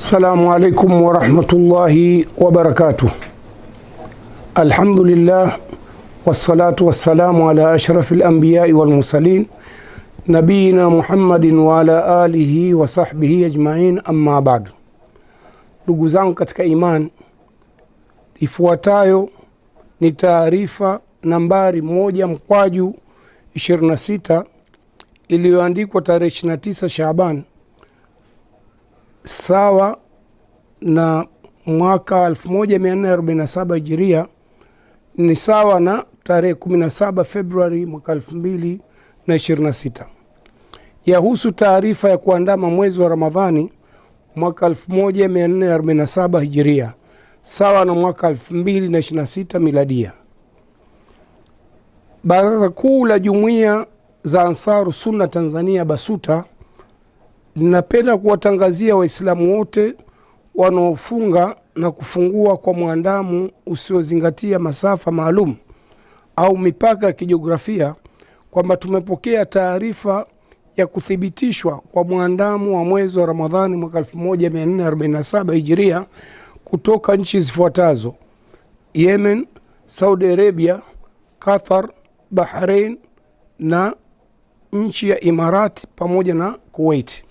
Assalamu alaikum warahmatullahi wabarakatuh. Alhamdulillah wassalatu wassalamu ala ashrafi alambiyai walmursalin nabiyina Muhammadin wa ala alihi wa sahbihi ajmain, amma badu. Ndugu zangu katika iman, ifuatayo ni taarifa nambari moja mkwaju 26 iliyoandikwa tarehe 29 Shaaban sawa na mwaka 1447 Hijiria, ni sawa na tarehe 17 Februari mwaka 2026. Yahusu taarifa ya kuandama mwezi wa Ramadhani mwaka 1447 Hijiria, sawa na mwaka 2026 Miladia. Baraza Kuu la Jumuiya za Ansaru Sunna Tanzania BASUTA Ninapenda kuwatangazia Waislamu wote wanaofunga na kufungua kwa mwandamu usiozingatia masafa maalum au mipaka ya kijiografia kwamba tumepokea taarifa ya kuthibitishwa kwa mwandamu wa mwezi wa Ramadhani mwaka 1447 Hijiria kutoka nchi zifuatazo: Yemen, Saudi Arabia, Qatar, Bahrain na nchi ya Imarati pamoja na Kuwait.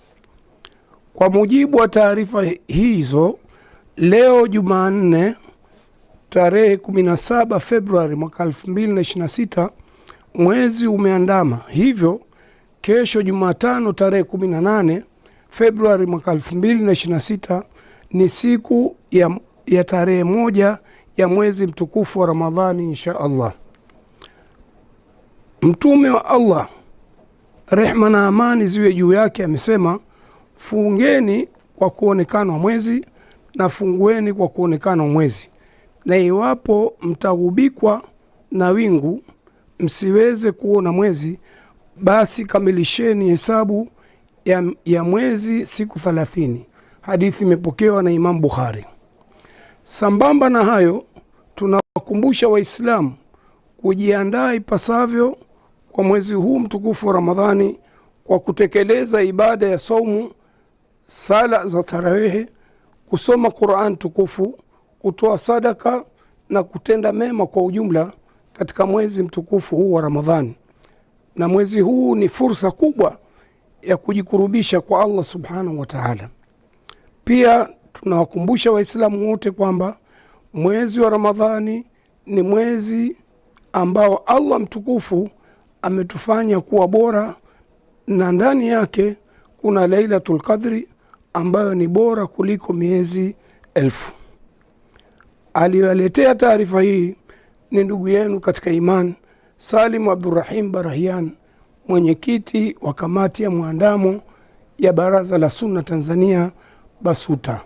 Kwa mujibu wa taarifa hizo, leo Jumanne tarehe 17 Februari mwaka 2026 mwezi umeandama, hivyo kesho Jumatano tarehe 18 Februari mwaka 2026 ni siku ya, ya tarehe moja ya mwezi mtukufu wa Ramadhani insha Allah. Mtume wa Allah rehma na amani ziwe juu yake amesema fungeni kwa kuonekana mwezi na fungueni kwa kuonekana mwezi, na iwapo mtagubikwa na wingu msiweze kuona mwezi, basi kamilisheni hesabu ya, ya mwezi siku thalathini. Hadithi imepokewa na Imam Bukhari. Sambamba na hayo, tunawakumbusha Waislamu kujiandaa ipasavyo kwa mwezi huu mtukufu wa Ramadhani kwa kutekeleza ibada ya saumu sala za tarawehe, kusoma Qur'an tukufu, kutoa sadaka na kutenda mema kwa ujumla katika mwezi mtukufu huu wa Ramadhani. Na mwezi huu ni fursa kubwa ya kujikurubisha kwa Allah subhanahu wa ta'ala. Pia tunawakumbusha Waislamu wote kwamba mwezi wa Ramadhani ni mwezi ambao Allah mtukufu ametufanya kuwa bora na ndani yake kuna Lailatul Qadri ambayo ni bora kuliko miezi elfu. Aliyoletea taarifa hii ni ndugu yenu katika imani Salimu Abdurrahim Barahian, mwenyekiti wa kamati ya mwandamo ya Baraza la Sunna Tanzania BASUTA.